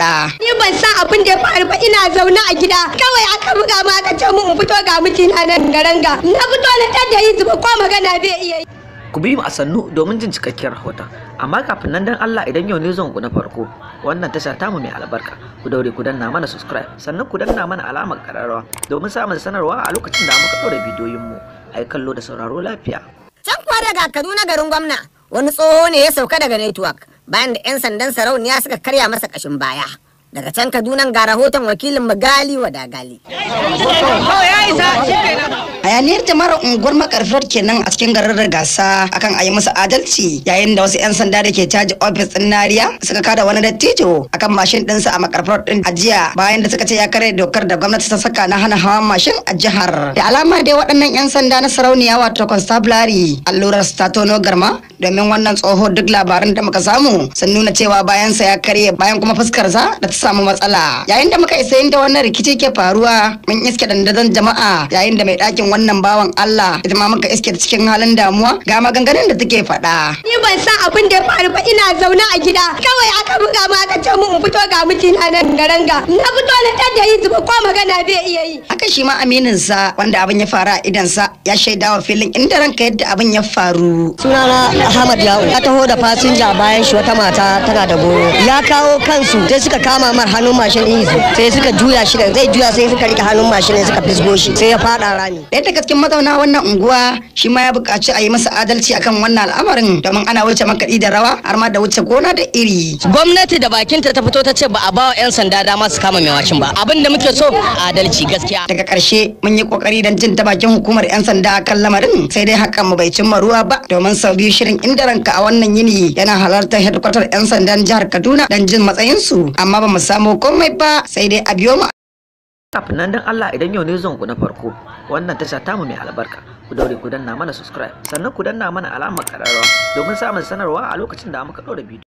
da. Ni ban san abin da ya faru ba ina zaune a gida kawai aka buga ma aka ce mu in fito ga mijina nan garanga na fito na tada yi zuba ko magana zai iya yi. Ku bi mu a sannu domin jin cikakkiyar rahoton amma kafin nan dan Allah idan yau ne zan na farko wannan tasha tamu mai albarka ku daure ku danna mana subscribe sannan ku danna mana alamar kararrawa domin samun sanarwa a lokacin da muka daura bidiyoyin mu ai kallo da sauraro lafiya. Can kuwa daga Kaduna garin gwamna wani tsoho ne ya sauka daga network bayan da 'yan sandan sarauniya suka karya masa kashin baya. Daga can Kaduna ga rahoton wakilin Magali Wadagali. hayaniyar jama'ar unguwar makarfar kenan a cikin garin gasa akan a yi musu adalci yayin da wasu 'yan sanda da ke caji ofis din nariya suka kada wani dattijo akan mashin ɗinsa a makarfar din a jiya bayan da suka ce ya kare dokar da gwamnati ta saka na hana hawan mashin a jihar da alama dai waɗannan 'yan sanda na sarauniya wato constabulary allurar statono garma domin wannan tsoho duk labaran da muka samu sun nuna cewa bayan sa ya karye bayan kuma fuskar sa da ta samu matsala yayin da muka isa inda wannan rikici ke faruwa mun iske dandazon jama'a yayin da mai ɗakin wannan bawan Allah ita ma muka iske cikin halin damuwa ga maganganun da take faɗa. Ni ban san abin da ya faru ba ina zauna a gida kawai aka buga ma aka ce in fito ga mijina nan garanga na fito na tada yi zuba ko magana bai iya yi. Haka shi ma aminin sa wanda abin ya faru a idan sa ya shaidawa filin inda ranka yadda abin ya faru. Sunana Ahmad Yawo ya taho da fasinja bayan shi wata mata tana da goro ya kawo kansu sai suka kama mar hannun mashin izu sai suka juya shi zai juya sai suka rike hannun mashin suka fisgo shi sai ya fada rami. Yadda gaske mazauna wannan unguwa shi ma ya buƙaci a yi masa adalci akan wannan al'amarin domin ana wuce makaɗi da rawa har ma da wuce gona da iri. Gwamnati da bakinta ta fito ta ce ba a ba wa 'yan sanda dama su kama mai wacin ba abin da muke so adalci gaskiya. Daga ƙarshe mun yi ƙoƙari don jin ta bakin hukumar 'yan sanda akan lamarin sai dai hakan mu bai cimma ruwa ba domin sau biyu shirin inda ranka a wannan yini yana halartar hedkwatar 'yan sandan jihar Kaduna don jin matsayinsu amma ba mu samo komai ba sai dai a biyo mu kafin nan don Allah idan yau ne zuwan ku na farko wannan tasha mu mai albarka ku daure ku danna mana subscribe sannan ku danna mana alamar kararrawa domin samun sanarwa a lokacin da muka ɗora bidiyo